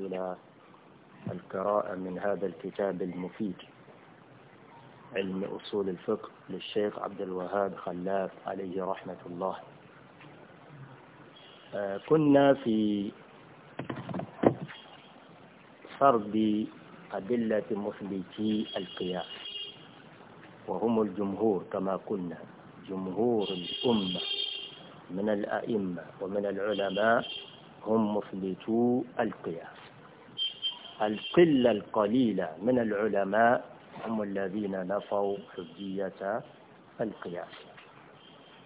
إلى القراءة من هذا الكتاب المفيد علم أصول الفقه للشيخ عبد الوهاب خلاف عليه رحمة الله آه، كنا في فرض أدلة مثبتي القياس وهم الجمهور كما قلنا جمهور الأمة من الأئمة ومن العلماء هم مثبتو القياس القلة القليلة من العلماء هم الذين نفوا حجية القياس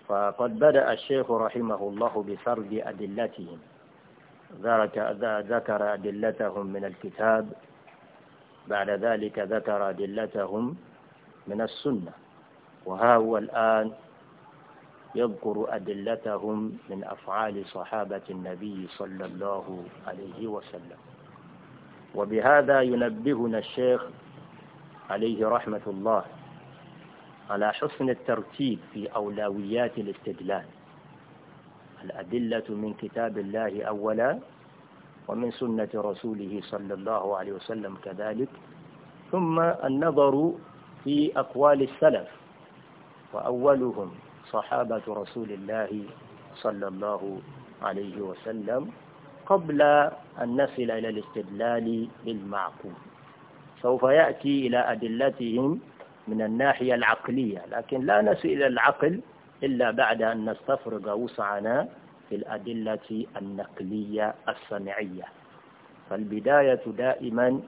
فقد بدأ الشيخ رحمه الله بسرد أدلتهم ذكر أدلتهم من الكتاب بعد ذلك ذكر أدلتهم من السنة وها هو الآن يذكر أدلتهم من أفعال صحابة النبي صلى الله عليه وسلم وبهذا ينبهنا الشيخ عليه رحمة الله على حسن الترتيب في أولويات الاستدلال الأدلة من كتاب الله أولا ومن سنة رسوله صلى الله عليه وسلم كذلك ثم النظر في أقوال السلف وأولهم صحابة رسول الله صلى الله عليه وسلم قبل أن نصل إلى الاستدلال بالمعقول سوف يأتي إلى أدلتهم من الناحية العقلية لكن لا نصل إلى العقل إلا بعد أن نستفرغ وسعنا في الأدلة النقلية السمعية فالبداية دائما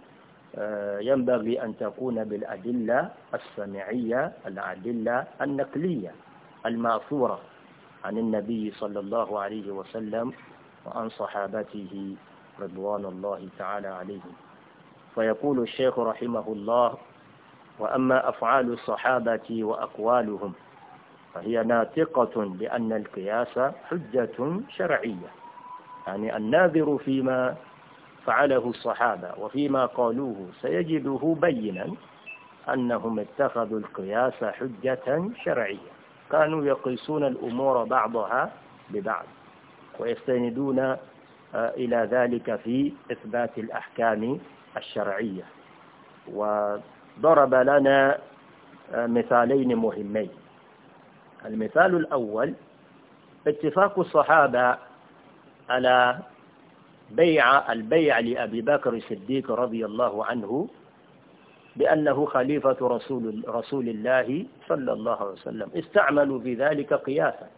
آه، ينبغي أن تكون بالأدلة السمعية الأدلة النقلية المأثورة عن النبي صلى الله عليه وسلم وعن صحابته رضوان الله تعالى عليهم فيقول الشيخ رحمه الله وأما أفعال الصحابة وأقوالهم فهي ناطقة بأن القياس حجة شرعية يعني الناظر فيما فعله الصحابة وفيما قالوه سيجده بينا أنهم اتخذوا القياس حجة شرعية كانوا يقيسون الأمور بعضها ببعض ويستندون آه، إلى ذلك في إثبات الأحكام الشرعية وضرب لنا آه، مثالين مهمين المثال الأول اتفاق الصحابة على بيع البيع لأبي بكر الصديق رضي الله عنه بأنه خليفة رسول, رسول الله صلى الله عليه وسلم استعملوا في ذلك قياسا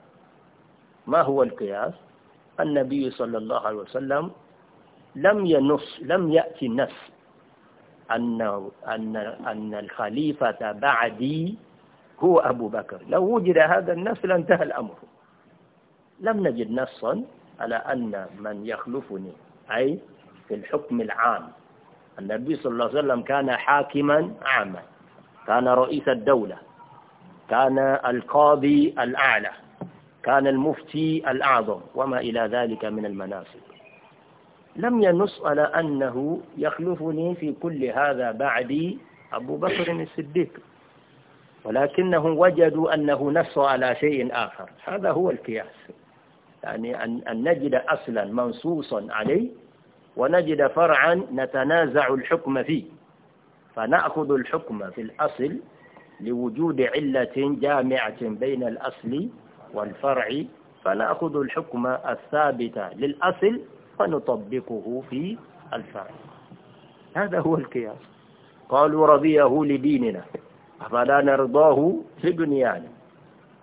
ما هو القياس النبي صلى الله عليه وسلم لم ينص لم يأتي نص أن أن أن الخليفة بعدي هو أبو بكر لو وجد هذا النص لانتهى الأمر لم نجد نصا على أن من يخلفني أي في الحكم العام النبي صلى الله عليه وسلم كان حاكما عاما كان رئيس الدولة كان القاضي الأعلى كان المفتي الأعظم وما إلى ذلك من المناسب لم ينص على أنه يخلفني في كل هذا بعدي أبو بكر الصديق ولكنه وجدوا أنه نص على شيء آخر هذا هو القياس يعني أن نجد أصلا منصوصا عليه ونجد فرعا نتنازع الحكم فيه فنأخذ الحكم في الأصل لوجود علة جامعة بين الأصل والفرع فنأخذ الحكم الثابت للأصل فنطبقه في الفرع هذا هو القياس قالوا رضيه لديننا فلا نرضاه في دنيانا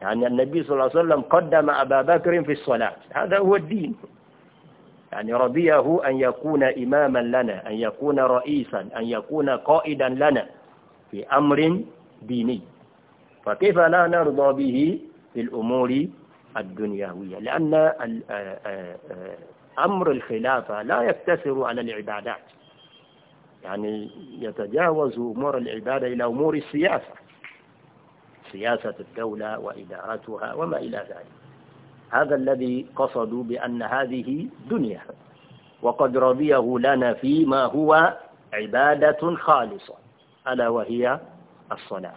يعني النبي صلى الله عليه وسلم قدم أبا بكر في الصلاة هذا هو الدين يعني رضيه أن يكون إماما لنا أن يكون رئيسا أن يكون قائدا لنا في أمر ديني فكيف لا نرضى به في الأمور الدنيوية لأن أمر الخلافة لا يقتصر على العبادات يعني يتجاوز أمور العبادة إلى أمور السياسة سياسة الدولة وإدارتها وما إلى ذلك هذا الذي قصدوا بأن هذه دنيا وقد رضيه لنا فيما هو عبادة خالصة ألا وهي الصلاة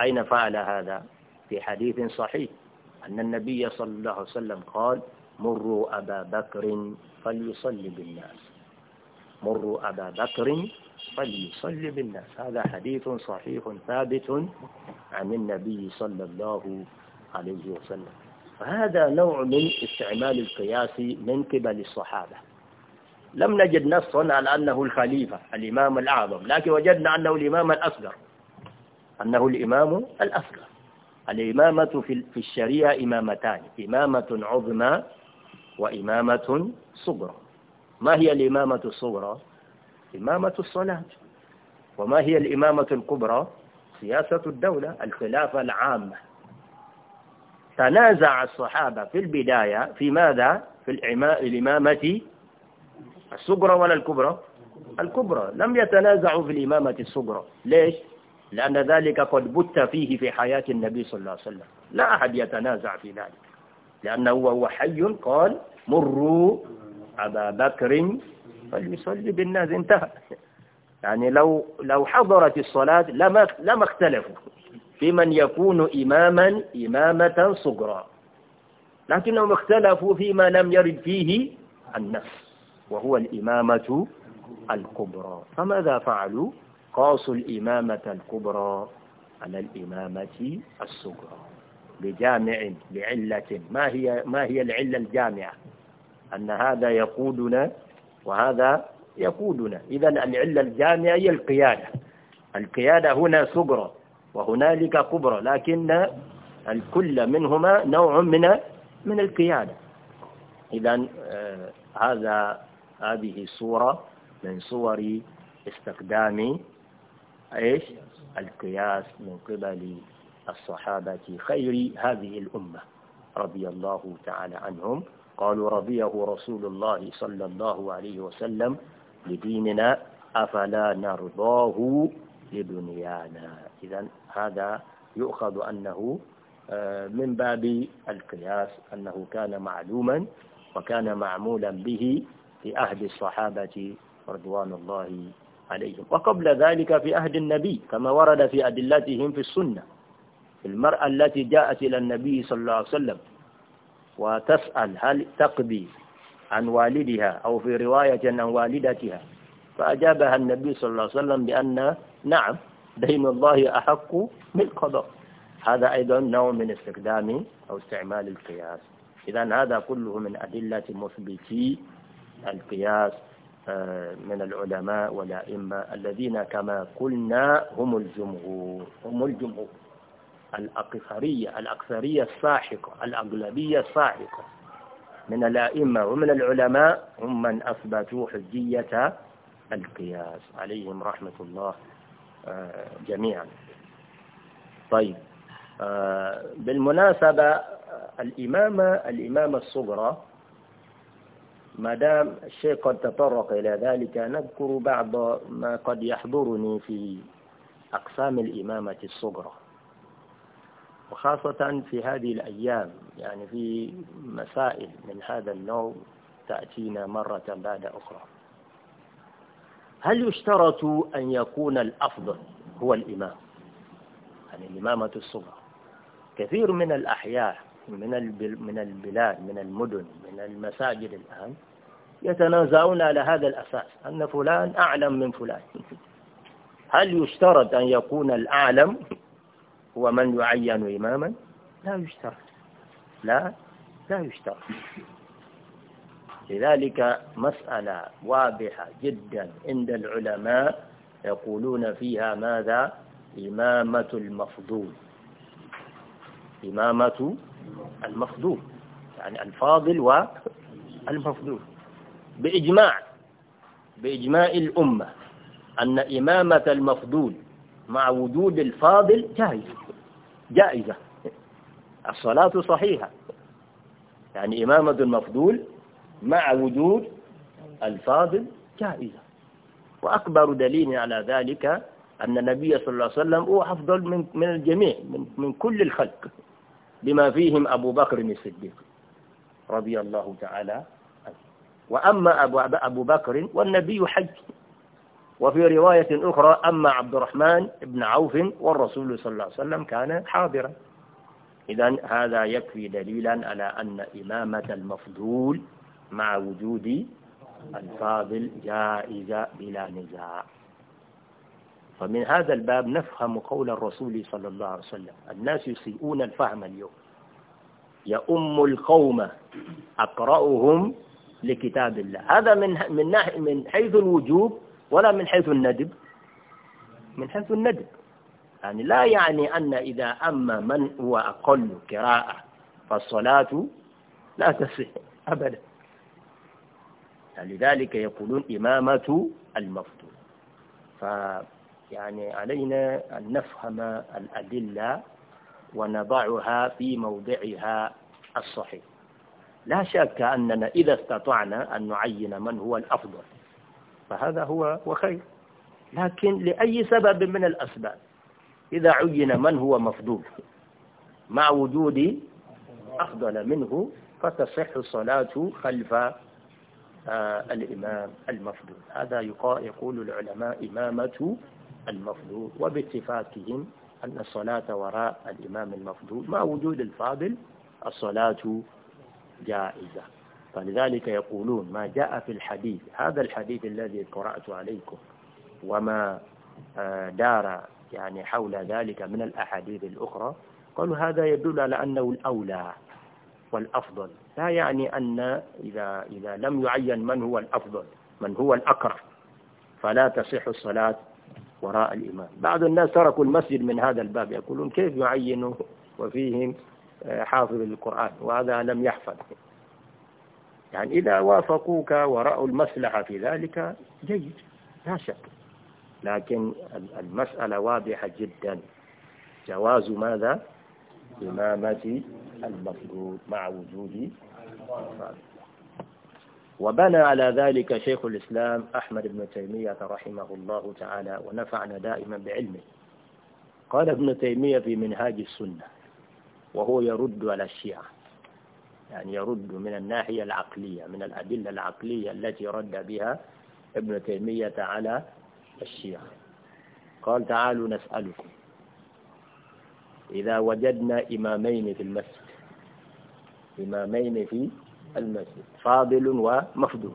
أين فعل هذا في حديث صحيح أن النبي صلى الله عليه وسلم قال مروا أبا بكر فليصلي بالناس مروا أبا بكر فليصلي بالناس هذا حديث صحيح ثابت عن النبي صلى الله عليه وسلم فهذا نوع من استعمال القياس من قبل الصحابة لم نجد نصا على أنه الخليفة الإمام الأعظم لكن وجدنا أنه الإمام الأصغر أنه الإمام الأصغر الإمامة في الشريعة إمامتان إمامة عظمى وإمامة صغرى ما هي الإمامة الصغرى؟ إمامة الصلاة وما هي الإمامة الكبرى؟ سياسة الدولة الخلافة العامة تنازع الصحابة في البداية في ماذا؟ في الإمامة الصغرى ولا الكبرى؟ الكبرى لم يتنازعوا في الإمامة الصغرى ليش؟ لأن ذلك قد بت فيه في حياة النبي صلى الله عليه وسلم لا أحد يتنازع في ذلك لأنه هو حي قال مروا أبا بكر فليصلي بالناس انتهى يعني لو لو حضرت الصلاة لما لما اختلفوا في من يكون إماما إمامة صغرى لكنهم اختلفوا فيما لم يرد فيه النفس وهو الإمامة الكبرى فماذا فعلوا قاسوا الإمامة الكبرى على الإمامة الصغرى بجامع لعلة ما هي ما هي العلة الجامعة أن هذا يقودنا وهذا يقودنا إذا العلة الجامعة هي القيادة القيادة هنا صغرى وهنالك كبرى لكن الكل منهما نوع من من القيادة إذا آه، هذا هذه صورة من صور استخدام إيش القياس من قبل الصحابة خير هذه الأمة رضي الله تعالى عنهم قالوا رضيه رسول الله صلى الله عليه وسلم لديننا أفلا نرضاه لدنيانا إذا هذا يؤخذ أنه آه، من باب القياس أنه كان معلوما وكان معمولا به في أهل الصحابة رضوان الله عليهم وقبل ذلك في أهد النبي كما ورد في أدلتهم في السنة في المرأة التي جاءت إلى النبي صلى الله عليه وسلم وتسأل هل تقضي عن والدها أو في رواية عن والدتها فأجابها النبي صلى الله عليه وسلم بأن نعم دين الله أحق بالقضاء هذا أيضا نوع من استخدام أو استعمال القياس إذا هذا كله من أدلة مثبتي القياس من العلماء والأئمة الذين كما قلنا هم الجمهور هم الجمهور الأقصرية الأقصرية الساحقة الأغلبية الساحقة من الأئمة ومن العلماء هم من أثبتوا حجية القياس عليهم رحمة الله آه، جميعا طيب آه، بالمناسبة الإمامة الإمامة الصغرى ما دام الشيء قد تطرق إلى ذلك نذكر بعض ما قد يحضرني في أقسام الإمامة الصغرى وخاصة في هذه الأيام يعني في مسائل من هذا النوع تأتينا مرة بعد أخرى هل يشترط أن يكون الأفضل هو الإمام يعني الإمامة الصغرى كثير من الأحياء من من البلاد من المدن من المساجد الآن يتنازعون على هذا الأساس أن فلان أعلم من فلان هل يشترط أن يكون الأعلم هو من يعين إماما لا يشترط لا لا يشترط لذلك مسألة واضحة جدا عند العلماء يقولون فيها ماذا إمامة المفضول إمامة المفضول يعني الفاضل والمفضول بإجماع بإجماع الأمة أن إمامة المفضول مع وجود الفاضل جائزة جائزة الصلاة صحيحة يعني إمامة المفضول مع وجود الفاضل جائزة وأكبر دليل على ذلك أن النبي صلى الله عليه وسلم هو أفضل من من الجميع من, من كل الخلق بما فيهم أبو بكر الصديق رضي الله تعالى عنه وأما أبو, أبو بكر والنبي حج وفي رواية أخرى أما عبد الرحمن بن عوف والرسول صلى الله عليه وسلم كان حاضرا إذا هذا يكفي دليلا على أن إمامة المفضول مع وجود الفاضل جائزة بلا نزاع فمن هذا الباب نفهم قول الرسول صلى الله عليه وسلم الناس يسيئون الفهم اليوم يؤم القوم أقرأهم لكتاب الله هذا من من من حيث الوجوب ولا من حيث الندب من حيث الندب يعني لا يعني أن إذا أما من هو أقل قراءة فالصلاة لا تصح أبدا لذلك يقولون إمامة المفتون يعني علينا أن نفهم الأدلة ونضعها في موضعها الصحيح لا شك أننا إذا استطعنا أن نعين من هو الأفضل فهذا هو وخير لكن لأي سبب من الأسباب إذا عين من هو مفضول مع وجود أفضل منه فتصح الصلاة خلف آه، الإمام المفضول هذا يقول العلماء إمامة المفضول وباتفاقهم أن الصلاة وراء الإمام المفضول مع وجود الفاضل الصلاة جائزة فلذلك يقولون ما جاء في الحديث هذا الحديث الذي قرأت عليكم وما آه، دار يعني حول ذلك من الأحاديث الأخرى قالوا هذا يدل على أنه الأولى والأفضل لا يعني أن إذا, إذا لم يعين من هو الأفضل من هو الأقرب فلا تصح الصلاة وراء الإمام بعض الناس تركوا المسجد من هذا الباب يقولون كيف يعينوا وفيهم آه، حافظ القرآن وهذا لم يحفظ يعني إذا وافقوك ورأوا المصلحة في ذلك جيد لا شك لكن المسألة واضحة جدا جواز ماذا إمامة المفروض مع وجود المفروض. وبنى على ذلك شيخ الإسلام أحمد بن تيمية رحمه الله تعالى ونفعنا دائما بعلمه قال ابن تيمية في منهاج السنة وهو يرد على الشيعة يعني يرد من الناحية العقلية من الأدلة العقلية التي رد بها ابن تيمية على الشيعة قال تعالوا نسألكم إذا وجدنا إمامين في المسجد إمامين في المسجد فاضل ومفضول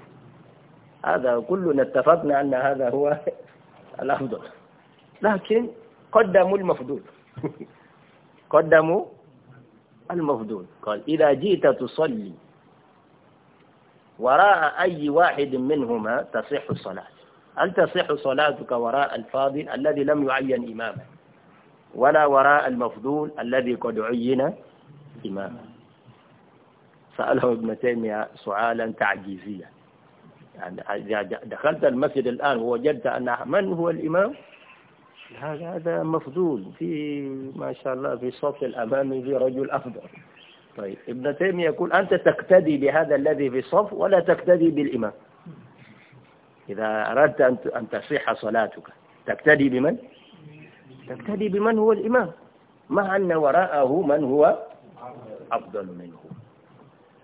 هذا كلنا اتفقنا أن هذا هو الأفضل لكن قدموا المفضول قدموا المفضول قال إذا جئت تصلي وراء أي واحد منهما تصح الصلاة هل تصح صلاتك وراء الفاضل الذي لم يعين إماما ولا وراء المفضول الذي قد عين إماما سأله ابن تيمية سؤالا تعجيزيا يعني إذا دخلت المسجد الآن ووجدت أن من هو الإمام هذا هذا مفضول في ما شاء الله في الصف الأمامي في رجل أفضل طيب ابن تيمية يقول أنت تقتدي بهذا الذي في الصف ولا تقتدي بالإمام إذا أردت أن تصيح صلاتك تقتدي بمن؟ تقتدي بمن هو الإمام مع أن وراءه من هو أفضل منه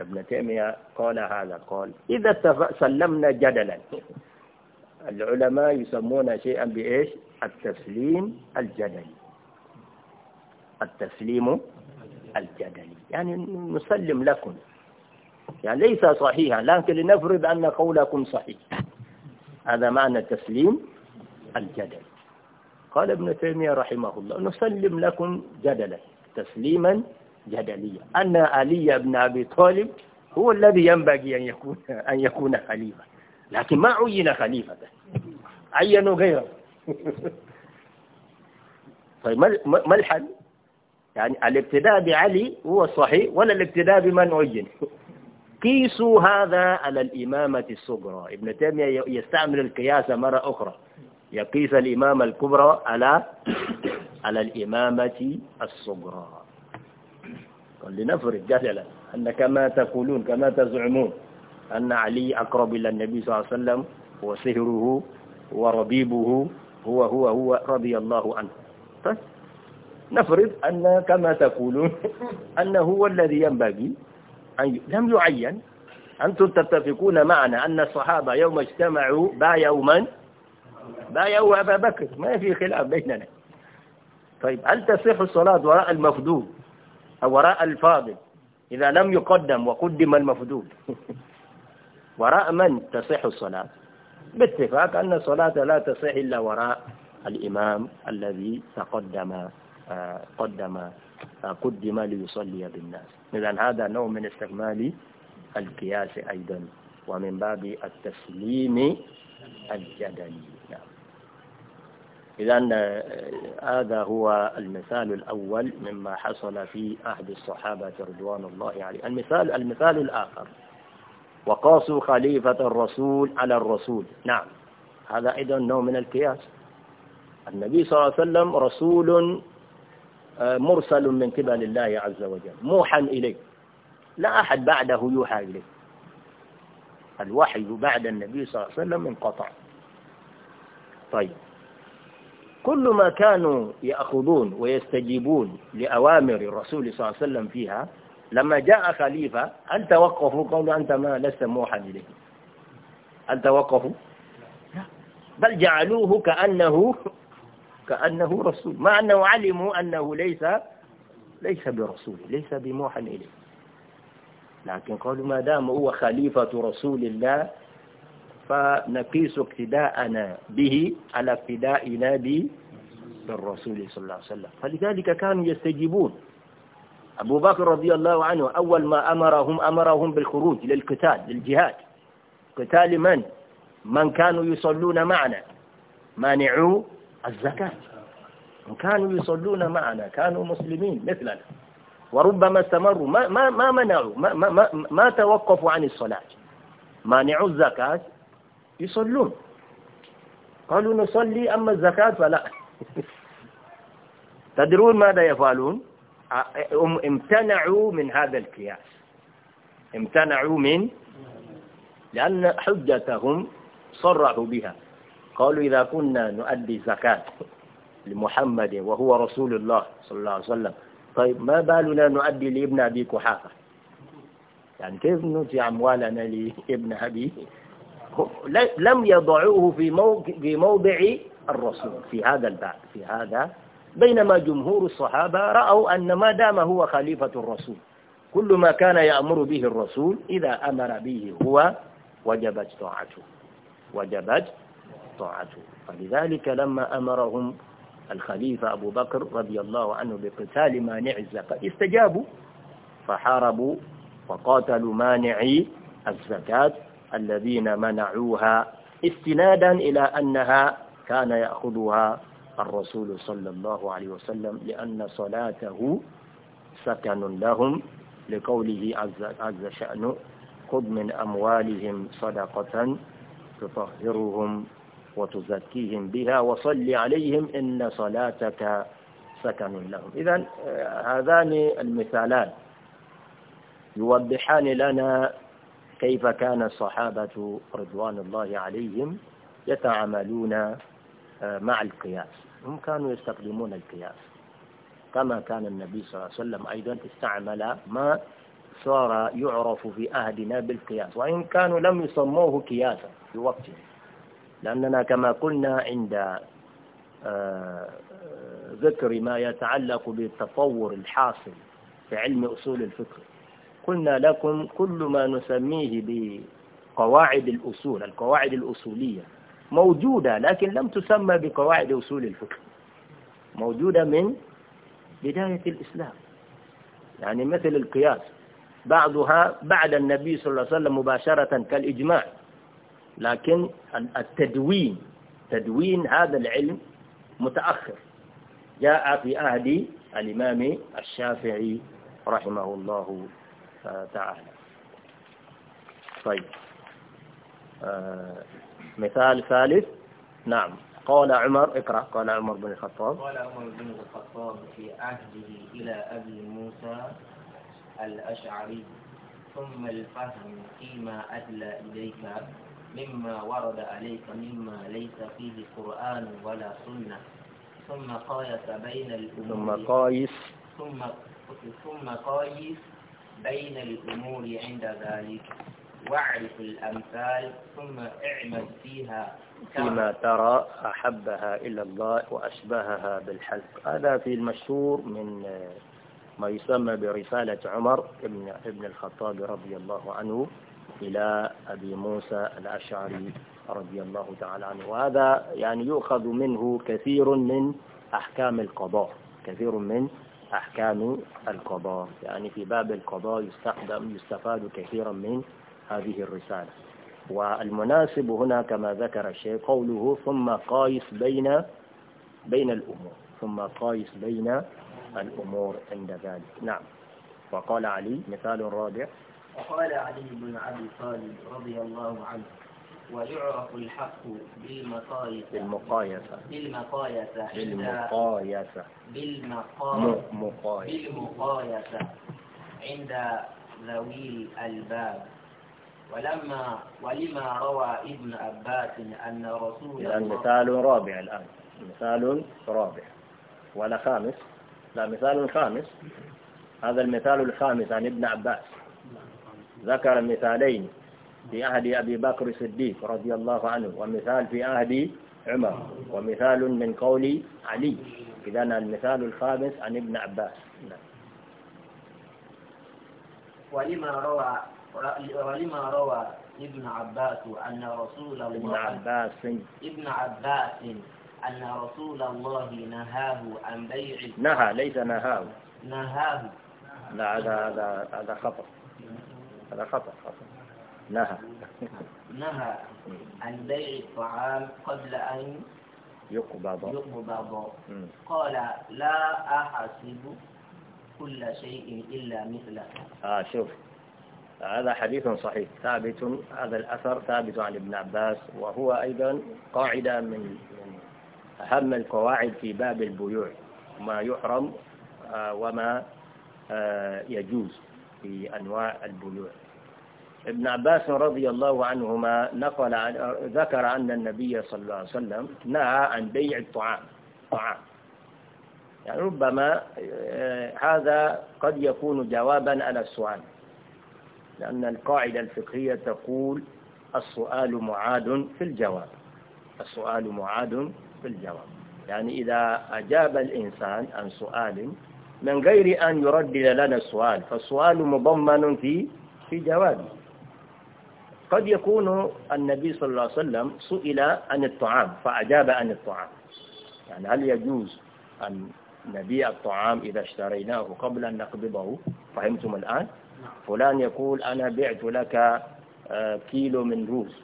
ابن تيمية قال هذا قال إذا سلمنا جدلا العلماء يسمون شيئا بإيش التسليم الجدلي التسليم الجدلي يعني نسلم لكم يعني ليس صحيحا لكن لنفرض أن قولكم صحيح هذا معنى التسليم الجدلي قال ابن تيمية رحمه الله نسلم لكم جدلا تسليما جدلية أن علي بن أبي طالب هو الذي ينبغي أن يكون أن يكون خليفة لكن ما عين خليفة عينوا غيره طيب ما الحل؟ يعني الابتداء بعلي هو الصحيح ولا الابتداء بمن عين؟ قيسوا هذا على الإمامة الصغرى ابن تيمية يستعمل القياس مرة أخرى يقيس الإمامة الكبرى على على الإمامة الصغرى لنفرض جدلا أن كما تقولون كما تزعمون أن علي أقرب إلى النبي صلى الله عليه وسلم وسهره وربيبه هو هو هو رضي الله عنه طيب نفرض أن كما تقولون أنه هو الذي ينبغي أن لم يعين أنتم تتفقون معنا أن الصحابة يوم اجتمعوا بايعوا من؟ بايعوا أبا بكر ما في خلاف بيننا طيب هل تصح الصلاة وراء المفدود وراء الفاضل إذا لم يقدم وقدم المفضول وراء من تصح الصلاة باتفاق أن الصلاة لا تصح إلا وراء الإمام الذي تقدم آه، قدم آه، قدم ليصلي بالناس إذا هذا نوع من استكمال القياس أيضا ومن باب التسليم الجدلي نعم إذا آه، هذا هو المثال الأول مما حصل في عهد الصحابة رضوان الله عليهم المثال المثال الآخر وقاسوا خليفة الرسول على الرسول نعم هذا أيضا نوع من القياس النبي صلى الله عليه وسلم رسول آه، مرسل من قبل الله عز وجل موحى إليه لا أحد بعده يوحى إليه الوحي بعد النبي صلى الله عليه وسلم انقطع طيب كل ما كانوا يأخذون ويستجيبون لأوامر الرسول صلى الله عليه وسلم فيها لما جاء خليفة هل توقفوا قالوا أنت ما لست موحد إليه هل توقفوا بل جعلوه كأنه كأنه رسول مع أنه علموا أنه ليس ليس برسول ليس بموحى إليه لكن قالوا ما دام هو خليفة رسول الله فنقيس اقتداءنا به على اقتدائنا بالرسول صلى الله عليه وسلم فلذلك كانوا يستجيبون أبو بكر رضي الله عنه أول ما أمرهم أمرهم بالخروج للقتال للجهاد قتال من؟ من كانوا يصلون معنا مانعوا الزكاة كانوا يصلون معنا كانوا مسلمين مثلنا وربما استمروا ما ما ما منعوا ما ما ما, ما توقفوا عن الصلاة مانعوا الزكاة يصلون قالوا نصلي أما الزكاة فلا تدرون ماذا يفعلون امتنعوا من هذا القياس امتنعوا من لأن حجتهم صرحوا بها قالوا إذا كنا نؤدي زكاة لمحمد وهو رسول الله صلى الله عليه وسلم طيب ما بالنا نؤدي لابن أبي قحافة يعني كيف نؤتي أموالنا لابن أبي لم يضعوه في موضع, في موضع الرسول في هذا الباب في هذا بينما جمهور الصحابة رأوا أن ما دام هو خليفة الرسول كل ما كان يأمر به الرسول إذا أمر به هو وجبت طاعته وجبت طاعته فلذلك لما أمرهم الخليفة أبو بكر رضي الله عنه بقتال مانع الزكاة استجابوا فحاربوا وقاتلوا مانعي الزكاة الذين منعوها استنادا إلى أنها كان يأخذها الرسول صلى الله عليه وسلم لأن صلاته سكن لهم لقوله عز شأنه خذ من أموالهم صدقة تطهرهم وتزكيهم بها وصل عليهم إن صلاتك سكن لهم إذا آه، هذان المثالان يوضحان لنا كيف كان الصحابة رضوان الله عليهم يتعاملون آه، مع القياس هم كانوا يستخدمون القياس كما كان النبي صلى الله عليه وسلم أيضا استعمل ما صار يعرف في عهدنا بالقياس وإن كانوا لم يسموه قياسا في وقته لأننا كما قلنا عند آه، آه، ذكر ما يتعلق بالتطور الحاصل في علم أصول الفكر قلنا لكم كل ما نسميه بقواعد الأصول القواعد الأصولية موجودة لكن لم تسمى بقواعد أصول الفقه موجودة من بداية الإسلام يعني مثل القياس بعضها بعد النبي صلى الله عليه وسلم مباشرة كالإجماع لكن التدوين تدوين هذا العلم متأخر جاء في عهد الإمام الشافعي رحمه الله تعالى طيب آه، مثال ثالث نعم قال عمر اقرأ قال عمر بن الخطاب قال عمر بن الخطاب في عهده إلى أبي موسى الأشعري ثم الفهم فيما أدلى إليك مما ورد عليك مما ليس فيه قرآن ولا سنة ثم قايس بين الأمور ثم قايس ثم ثم قايس بين الأمور عند ذلك واعرف الأمثال ثم اعمل فيها فيما ترى أحبها إلى الله وأشبهها بالحلف هذا في المشهور من ما يسمى برسالة عمر ابن, ابن الخطاب رضي الله عنه إلى أبي موسى الأشعري رضي الله تعالى عنه وهذا يعني يؤخذ منه كثير من أحكام القضاء كثير من أحكام القضاء يعني في باب القضاء يستخدم يستفاد كثيرا من هذه الرسالة والمناسب هنا كما ذكر الشيخ قوله ثم قايس بين بين الأمور ثم قايس بين الأمور عند ذلك نعم وقال علي مثال رابع وقال علي بن أبي طالب رضي الله عنه ويعرف الحق بالمقايسة بالمقايسة بالمقايسة بالمقايسة بالمقايسة بالمقايسة عند ذوي الألباب ولما ولما روى ابن عباس أن رسول الله مثال رابع الآن مثال رابع ولا خامس لا مثال خامس هذا المثال الخامس عن ابن عباس ذكر مثالين في عهد أبي بكر الصديق رضي الله عنه ومثال في عهد عمر ومثال من قول علي إذا المثال الخامس عن ابن عباس نعم. ولما روى ولما روى ابن عباس أن رسول الله ابن عباس ابن عباس أن رسول الله نهاه عن بيع نهى ليس نهاه نهاه لا هذا هذا هذا خطأ هذا خطأ خطأ نهى نهى عن بيع الطعام قبل أن يقبض يقبض قال لا أحسب كل شيء إلا مثله آه شوف هذا حديث صحيح ثابت هذا الأثر ثابت عن ابن عباس وهو أيضا قاعدة من أهم القواعد في باب البيوع ما يحرم آه، وما آه، يجوز في أنواع البيوع ابن عباس رضي الله عنهما نقل عن ذكر أن النبي صلى الله عليه وسلم نهى عن بيع الطعام طعام يعني ربما آه، هذا قد يكون جوابا على السؤال لأن القاعدة الفقهية تقول السؤال معاد في الجواب السؤال معاد في الجواب يعني إذا أجاب الإنسان عن سؤال من غير أن يردد لنا السؤال فالسؤال مضمن في في جوابه قد يكون النبي صلى الله عليه وسلم سئل عن الطعام فأجاب عن الطعام يعني هل يجوز أن نبيع الطعام إذا اشتريناه قبل أن نقبضه فهمتم الآن فلان يقول أنا بعت لك آه، كيلو من روز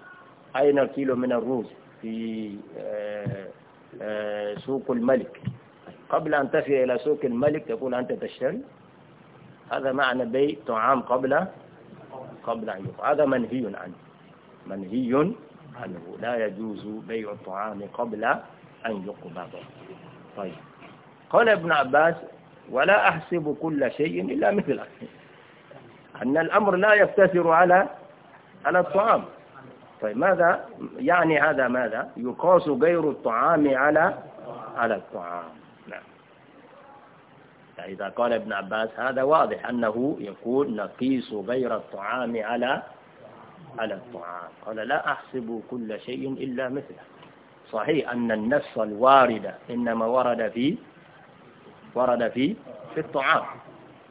أين الكيلو من الروز في آه، آه، سوق الملك قبل أن تفي إلى سوق الملك تقول أنت تشتري هذا معنى بيع طعام قبل قبل أن يطعم هذا منهي عنه منهي عنه لا يجوز بيع الطعام قبل أن يقبض طيب قال ابن عباس ولا أحسب كل شيء إلا مثله أن الأمر لا يقتصر على على الطعام طيب ماذا يعني هذا ماذا يقاس غير الطعام على على الطعام فإذا قال ابن عباس هذا واضح أنه يقول نقيس غير الطعام على على الطعام قال لا أحسب كل شيء إلا مثله صحيح أن النفس الواردة إنما ورد في ورد في في الطعام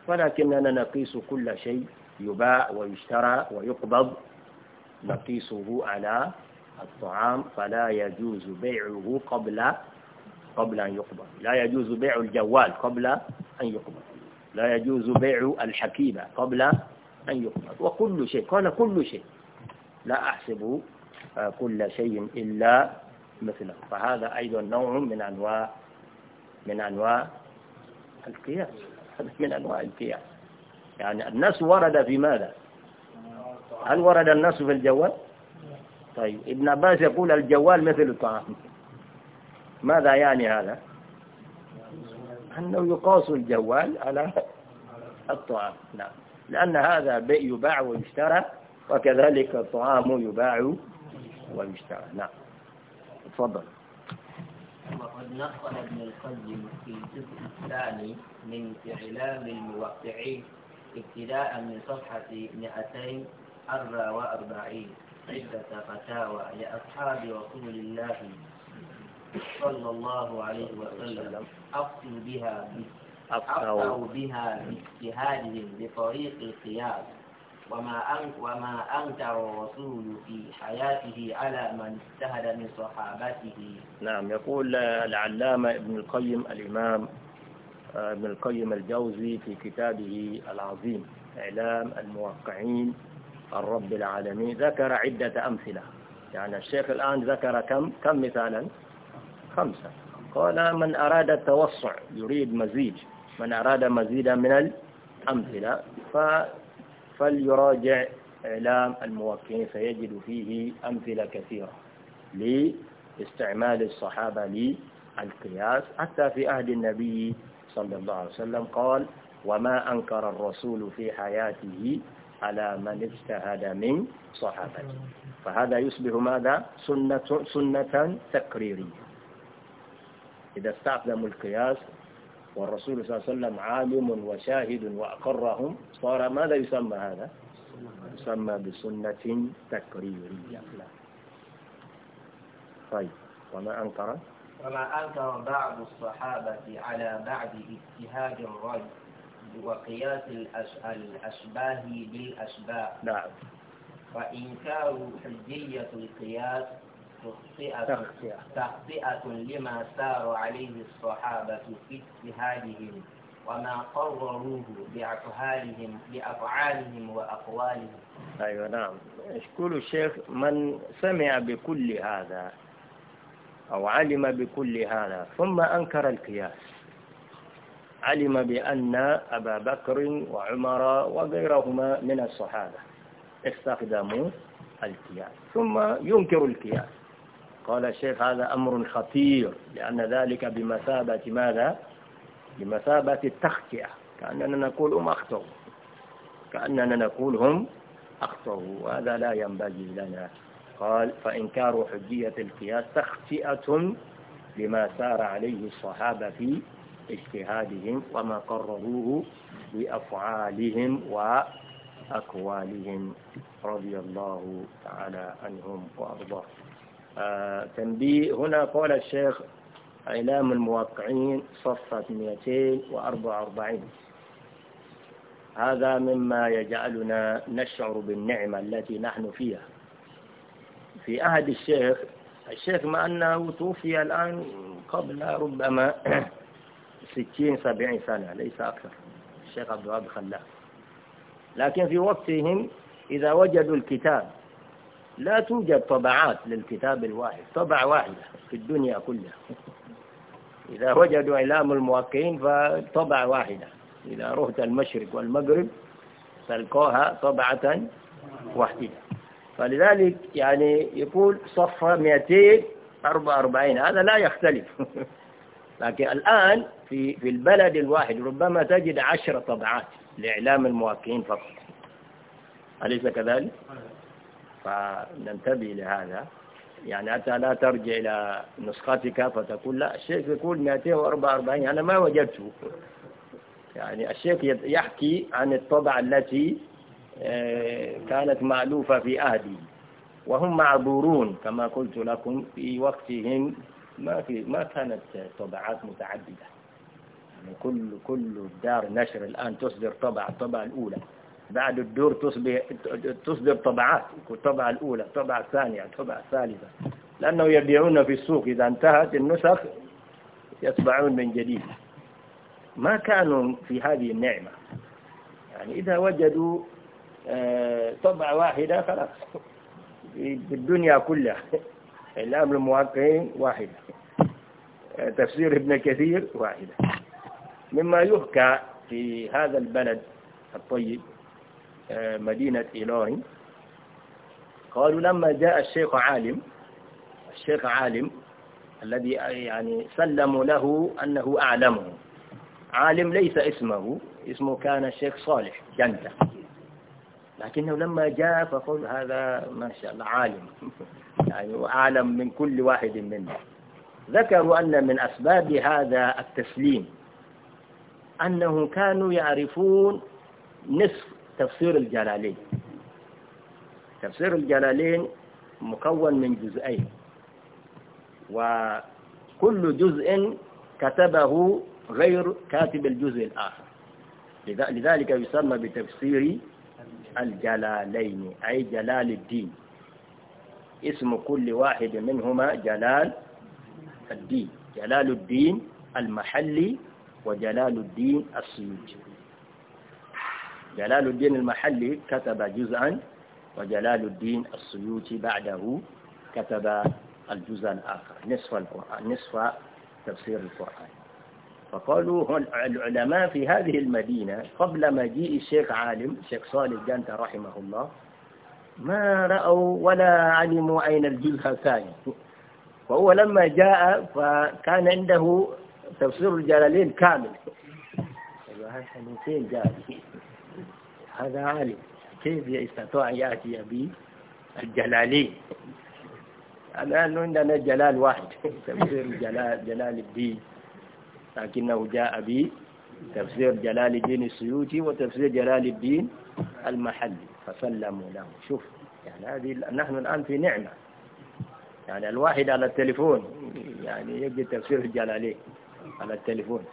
ولكننا نقيس كل شيء يباع ويشترى ويقبض نقيسه على الطعام فلا يجوز بيعه قبل قبل أن يقبض لا يجوز بيع الجوال قبل أن يقبض لا يجوز بيع الحكيمة قبل أن يقبض وكل شيء قال كل شيء لا أحسب كل شيء إلا مثله فهذا أيضا نوع من أنواع من أنواع القياس من أنواع القياس يعني الناس ورد في ماذا هل ورد الناس في الجوال طيب ابن عباس يقول الجوال مثل الطعام ماذا يعني هذا أنه يقاس الجوال على الطعام نعم لأن هذا يباع ويشترى وكذلك الطعام يباع ويشترى نعم تفضل وقد نقل ابن القيم في الجزء الثاني من إعلام الموقعين ابتداء من صفحة 244 عدة فتاوى لأصحاب رسول الله صلى الله عليه وسلم أقصد بها أقصد بها باجتهادهم بطريق القياس وما أن وما أنكر الرسول في حياته على من اجتهد من صحابته. نعم يقول العلامة ابن القيم الإمام ابن القيم الجوزي في كتابه العظيم إعلام الموقعين الرب العالمين ذكر عدة أمثلة يعني الشيخ الآن ذكر كم كم مثالا؟ خمسة قال من أراد التوسع يريد مزيج من أراد مزيدا من الأمثلة ف فليراجع إعلام الموكلين فيجد فيه أمثلة كثيرة لاستعمال الصحابة للقياس حتى في عهد النبي صلى الله عليه وسلم قال وما أنكر الرسول في حياته على من اجتهد من صحابته فهذا يصبح ماذا سنة, سنة تقريرية إذا استخدموا القياس والرسول صلى الله عليه وسلم عالم وشاهد وأقرهم صار ماذا يسمى هذا يسمى بسنة تكريرية طيب وما أنكر وما أنكر بعض الصحابة على بعد اجتهاد الرأي وقياس الأشباه بالأشباه نعم وإنكار حجية القياس تخطئة لما سار عليه الصحابة في اجتهادهم وما قرروه بأفعالهم بأفعالهم وأقوالهم. أيوة نعم. يقول الشيخ من سمع بكل هذا أو علم بكل هذا ثم أنكر القياس. علم بأن أبا بكر وعمر وغيرهما من الصحابة استخدموا القياس ثم ينكر القياس قال الشيخ هذا أمر خطير لأن ذلك بمثابة ماذا بمثابة التخطئة كأننا نقول هم أخطأوا كأننا نقول هم أخطأوا وهذا لا ينبغي لنا قال فإنكار حجية القياس تخطئة لما سار عليه الصحابة في اجتهادهم وما قرروه بأفعالهم وأقوالهم رضي الله تعالى عنهم وأرضاهم آه، تنبيه هنا قال الشيخ إعلام الموقعين صفة 244 هذا مما يجعلنا نشعر بالنعمة التي نحن فيها في عهد الشيخ الشيخ مع أنه توفي الآن قبل ربما 60 70 سنة ليس أكثر الشيخ عبد الوهاب خلاف لكن في وقتهم إذا وجدوا الكتاب لا توجد طبعات للكتاب الواحد طبع واحدة في الدنيا كلها إذا وجدوا إعلام الموقعين فطبع واحدة إذا رحت المشرق والمغرب تلقوها طبعة واحدة فلذلك يعني يقول صفحة 244 هذا لا يختلف لكن الآن في في البلد الواحد ربما تجد عشر طبعات لإعلام المواقعين فقط أليس كذلك؟ فننتبه لهذا يعني حتى لا ترجع إلى نسختك فتقول لا الشيخ يقول 244 أنا ما وجدته يعني الشيخ يحكي عن الطبعة التي آه، كانت مألوفة في أهدي وهم معذورون كما قلت لكم في وقتهم ما في ما كانت طبعات متعددة يعني كل كل دار نشر الآن تصدر طبعة الطبعة الأولى بعد الدور تصبح تصدر طبعات الطبعة الأولى الطبعة الثانية الطبعة الثالثة لأنه يبيعون في السوق إذا انتهت النسخ يطبعون من جديد ما كانوا في هذه النعمة يعني إذا وجدوا آه، طبعة واحدة خلاص في الدنيا كلها الأمر المواقعين واحدة آه، تفسير ابن كثير واحدة مما يحكى في هذا البلد الطيب مدينة إيلورين قالوا لما جاء الشيخ عالم الشيخ عالم الذي يعني سلموا له أنه أعلمه عالم ليس اسمه اسمه كان الشيخ صالح جنتة لكنه لما جاء فقل هذا ما شاء الله عالم يعني أعلم من كل واحد منا ذكروا أن من أسباب هذا التسليم أنهم كانوا يعرفون نصف تفسير الجلالين تفسير الجلالين مكون من جزئين وكل جزء كتبه غير كاتب الجزء الآخر لذلك يسمى بتفسير الجلالين أي جلال الدين اسم كل واحد منهما جلال الدين جلال الدين المحلي وجلال الدين السيوطي جلال الدين المحلي كتب جزءا وجلال الدين السيوطي بعده كتب الجزء الآخر نصف القرآن نصف تفسير القرآن فقالوا العلماء في هذه المدينة قبل مجيء الشيخ عالم الشيخ صالح جانتا رحمه الله ما رأوا ولا علموا أين الجزء الثاني فهو لما جاء فكان عنده تفسير الجلالين كامل أيوة، حسنتين جاء هذا عالم كيف يستطيع يأتي الجلالين الآن عندنا جلال واحد تفسير جلال, جلال الدين لكنه جاء به تفسير جلال الدين السيوطي وتفسير جلال الدين المحلي فسلموا له شوف يعني هذه نحن الآن في نعمة يعني الواحد على التليفون يعني يجد تفسير الجلالين على التليفون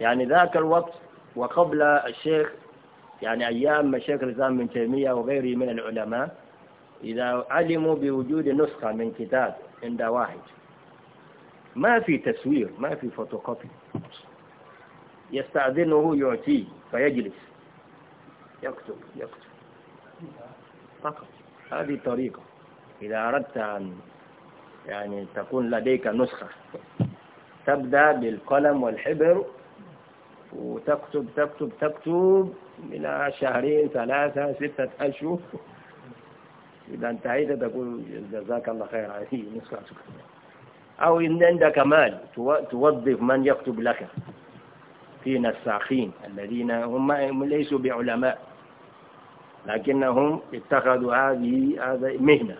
يعني ذاك الوقت وقبل الشيخ يعني أيام الشيخ الإسلام من تيمية وغيره من العلماء إذا علموا بوجود نسخة من كتاب عند واحد ما في تسوير ما في فوتوكوبي يستأذنه يعطيه فيجلس يكتب يكتب فقط هذه طريقة إذا أردت أن يعني تكون لديك نسخة تبدأ بالقلم والحبر وتكتب تكتب تكتب إلى شهرين ثلاثة ستة أشهر إذا انتهيت تقول جزاك الله خير هذه نسخة أو إن عندك مال توظف من يكتب لك في نساخين الذين هم ليسوا بعلماء لكنهم اتخذوا هذه هذا مهنة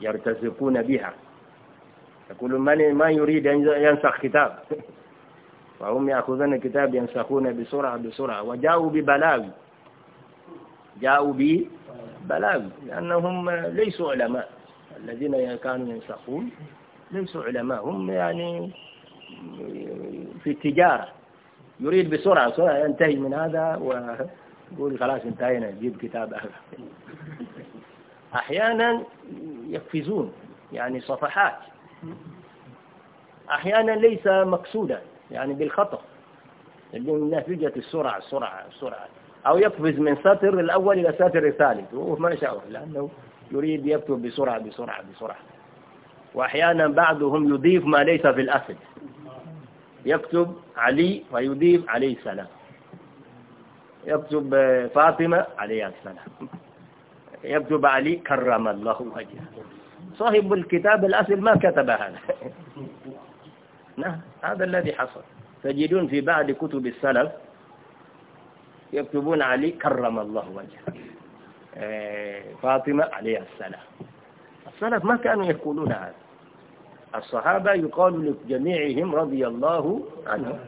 يرتزقون بها يقولون من ما يريد أن ينسخ كتاب فهم يأخذون الكتاب ينسخون بسرعة بسرعة وجاءوا ببلاغ جاءوا ببلاغ لأنهم ليسوا علماء الذين كانوا ينسخون ليسوا علماء هم يعني في التجارة يريد بسرعة بسرعة ينتهي من هذا ويقول خلاص انتهينا جيب كتاب أهلا أحيانا يقفزون يعني صفحات أحيانا ليس مقصودا يعني بالخطأ يكون نتيجة السرعة السرعة السرعة أو يقفز من سطر الأول إلى سطر الثالث وهو ما شاء لأنه يريد يكتب بسرعة بسرعة بسرعة وأحيانا بعضهم يضيف ما ليس في الأصل يكتب علي ويضيف عليه السلام يكتب آه، فاطمة عليه السلام يكتب علي كرم الله وجهه صاحب الكتاب الأصل ما كتب هذا نعم هذا الذي حصل تجدون في بعض كتب السلف يكتبون علي كرم الله وجهه آه، فاطمة عليها السلام السلف ما كانوا يقولون هذا الصحابة يقال لجميعهم رضي الله عنهم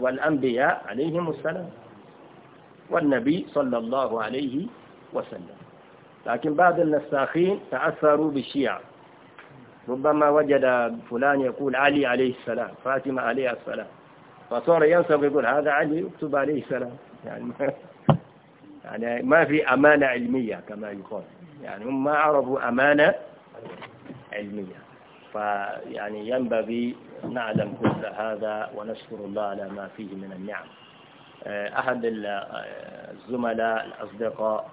والأنبياء عليهم السلام والنبي صلى الله عليه وسلم لكن بعض النساخين تأثروا بالشيعة ربما وجد فلان يقول علي عليه السلام فاتمة عليه السلام فصار ينصب يقول هذا علي يكتب عليه السلام يعني ما يعني ما في أمانة علمية كما يقال يعني هم ما عرفوا أمانة علمية فيعني ينبغي نعلم كل هذا ونشكر الله على ما فيه من النعم أحد الزملاء الأصدقاء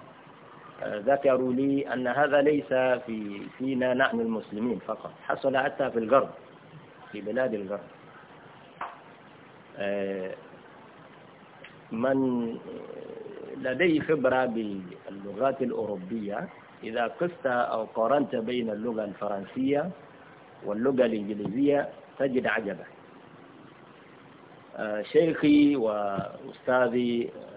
ذكروا لي أن هذا ليس في فينا نحن المسلمين فقط حصل حتى في الغرب في بلاد الغرب آه، من لديه خبرة باللغات الأوروبية إذا قست أو قارنت بين اللغة الفرنسية واللغة الإنجليزية تجد عجبا آه، شيخي وأستاذي آه،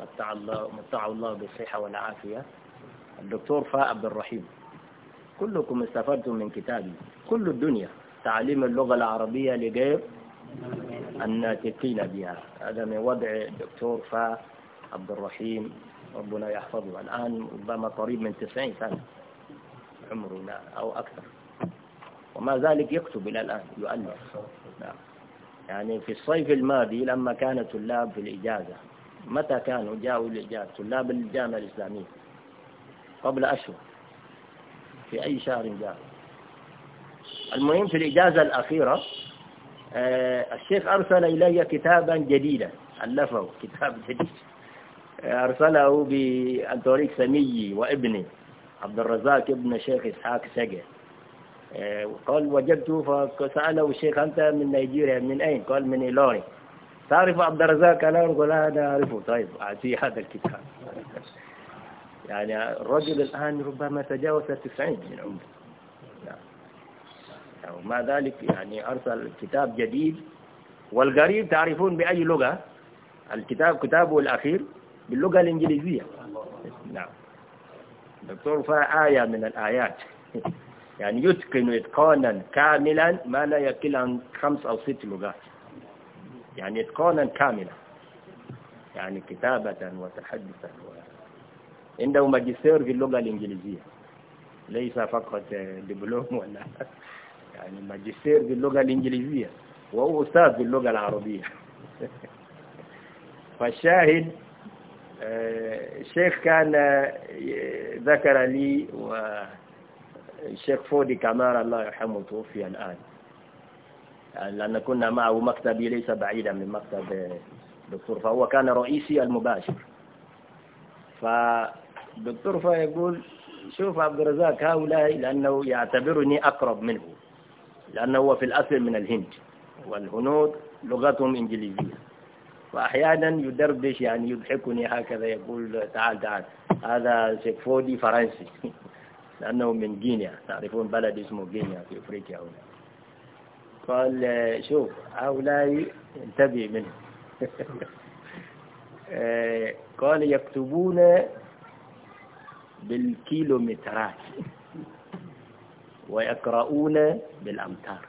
متع الله متع الله بالصحة والعافية الدكتور فاء عبد الرحيم كلكم استفدتم من كتابي كل الدنيا تعليم اللغة العربية لغير الناطقين بها هذا من وضع الدكتور فاء عبد الرحيم ربنا يحفظه الآن ربما قريب من 90 سنة عمرنا أو أكثر وما ذلك يكتب إلى الآن يؤلف نعم. يعني في الصيف الماضي لما كان طلاب في الإجازة متى كانوا جاءوا طلاب الجامعة الإسلامية قبل أشهر في أي شهر جاءوا المهم في الإجازة الأخيرة آه، الشيخ أرسل إلي كتابا جديدا ألفه كتاب جديد آه، أرسله عن طريق سمي وابني عبد الرزاق ابن الشيخ إسحاق سجع آه، قال وجدته فسأله الشيخ أنت من نيجيريا من أين قال من إيلوري تعرف عبد الرزاق انا اقول انا اعرفه طيب في هذا الكتاب يعني الرجل الآن ربما تجاوز التسعين من عمره يعني ومع ذلك يعني أرسل كتاب جديد والقريب تعرفون بأي لغة الكتاب كتابه الأخير باللغة الإنجليزية نعم دكتور فا آية من الآيات يعني يتقن إتقانا كاملا ما لا يقل عن خمس أو ست لغات يعني إتقانا كاملا يعني كتابة وتحدثا عنده ماجستير في اللغة الإنجليزية ليس فقط دبلوم ولا يعني ماجستير في اللغة الإنجليزية وهو أستاذ في اللغة العربية فالشاهد آه، الشيخ كان آه، ذكر لي والشيخ فودي كمال الله يرحمه توفي الآن لأن كنا معه مكتبي ليس بعيدا من مكتب الدكتور فهو كان رئيسي المباشر فالدكتور يقول شوف عبد الرزاق هؤلاء لأنه يعتبرني أقرب منه لأنه هو في الأصل من الهند والهنود لغتهم إنجليزية وأحيانا يدردش يعني يضحكني هكذا يقول تعال تعال هذا شيكفودي فرنسي لأنه من غينيا تعرفون بلد اسمه غينيا في أفريقيا هنا قال شوف هؤلاء انتبه منه آه، قال يكتبون بالكيلومترات ويقرؤون بالأمتار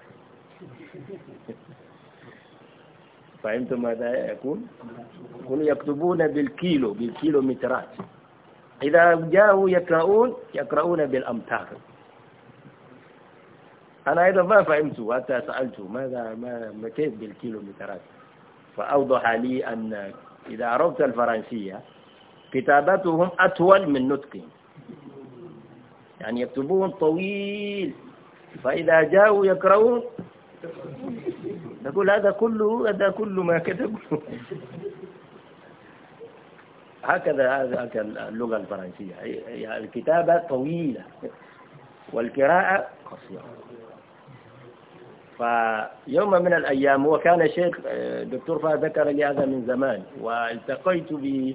فهمتم ماذا يقول؟ يقول يكتبون بالكيلو بالكيلومترات إذا جاءوا يقرؤون يقرؤون بالأمتار أنا أيضا ما فهمت حتى سألت ماذا ما, كيف بالكيلومترات فأوضح لي أن إذا عرفت الفرنسية كتاباتهم أطول من نطقهم يعني يكتبون طويل فإذا جاءوا يقرؤون نقول هذا كله هذا كل ما كتبوا هكذا هذا اللغة الفرنسية الكتابة طويلة والقراءة قصيرة فيوم من الأيام وكان شيخ آه، دكتور فهد ذكر لي هذا من زمان والتقيت ب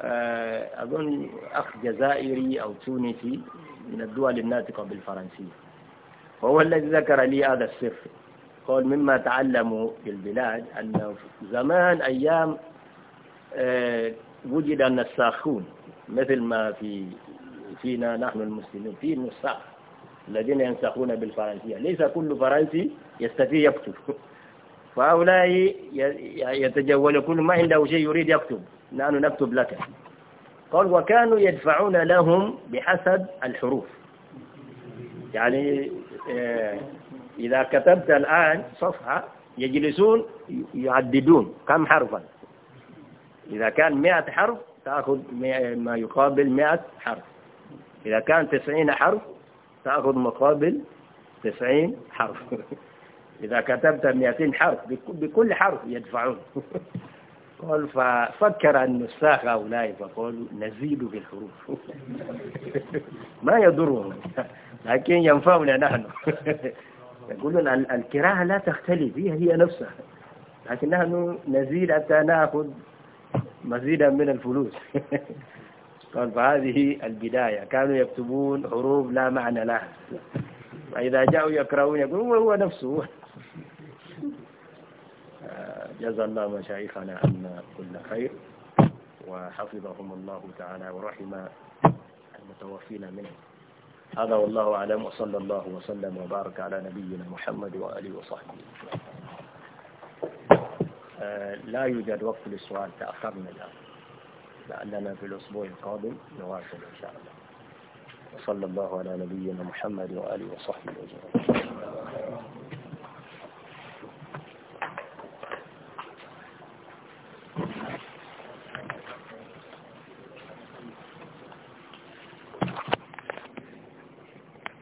آه، أظن أخ جزائري أو تونسي من الدول الناطقة بالفرنسية وهو الذي ذكر لي هذا السر قال مما تعلموا في البلاد أنه زمان أيام آه، وجد النساخون مثل ما في فينا نحن المسلمين في نساخ الذين ينسخون بالفرنسية ليس كل فرنسي يستطيع يكتب فهؤلاء يتجول كل ما عنده شيء يريد يكتب نحن نكتب لك قال وكانوا يدفعون لهم بحسب الحروف يعني آه، إذا كتبت الآن صفحة يجلسون يعددون كم حرفا إذا كان مئة حرف تأخذ ما يقابل مئة حرف إذا كان تسعين حرف تأخذ مقابل 90 حرف إذا كتبت 200 حرف بكل حرف يدفعون قال ففكر النساخ هؤلاء فقالوا نزيد في الحروف ما يضرهم لكن ينفعنا نحن يقولون الكراهة لا تختلف هي هي نفسها لكن نحن نزيد حتى نأخذ مزيدا من الفلوس قال فهذه البداية كانوا يكتبون حروب لا معنى لها فإذا جاءوا يقرؤون يقولون هو نفسه آه، جزا الله مشايخنا عنا كل خير وحفظهم الله تعالى ورحم المتوفين منهم هذا والله أعلم وصلى الله وسلم وبارك على نبينا محمد وآله وصحبه آه، لا يوجد وقت للسؤال تأخرنا الآن لعلنا في الأسبوع القادم نواصل إن شاء الله وصلى الله على نبينا محمد وآله وصحبه أجمعين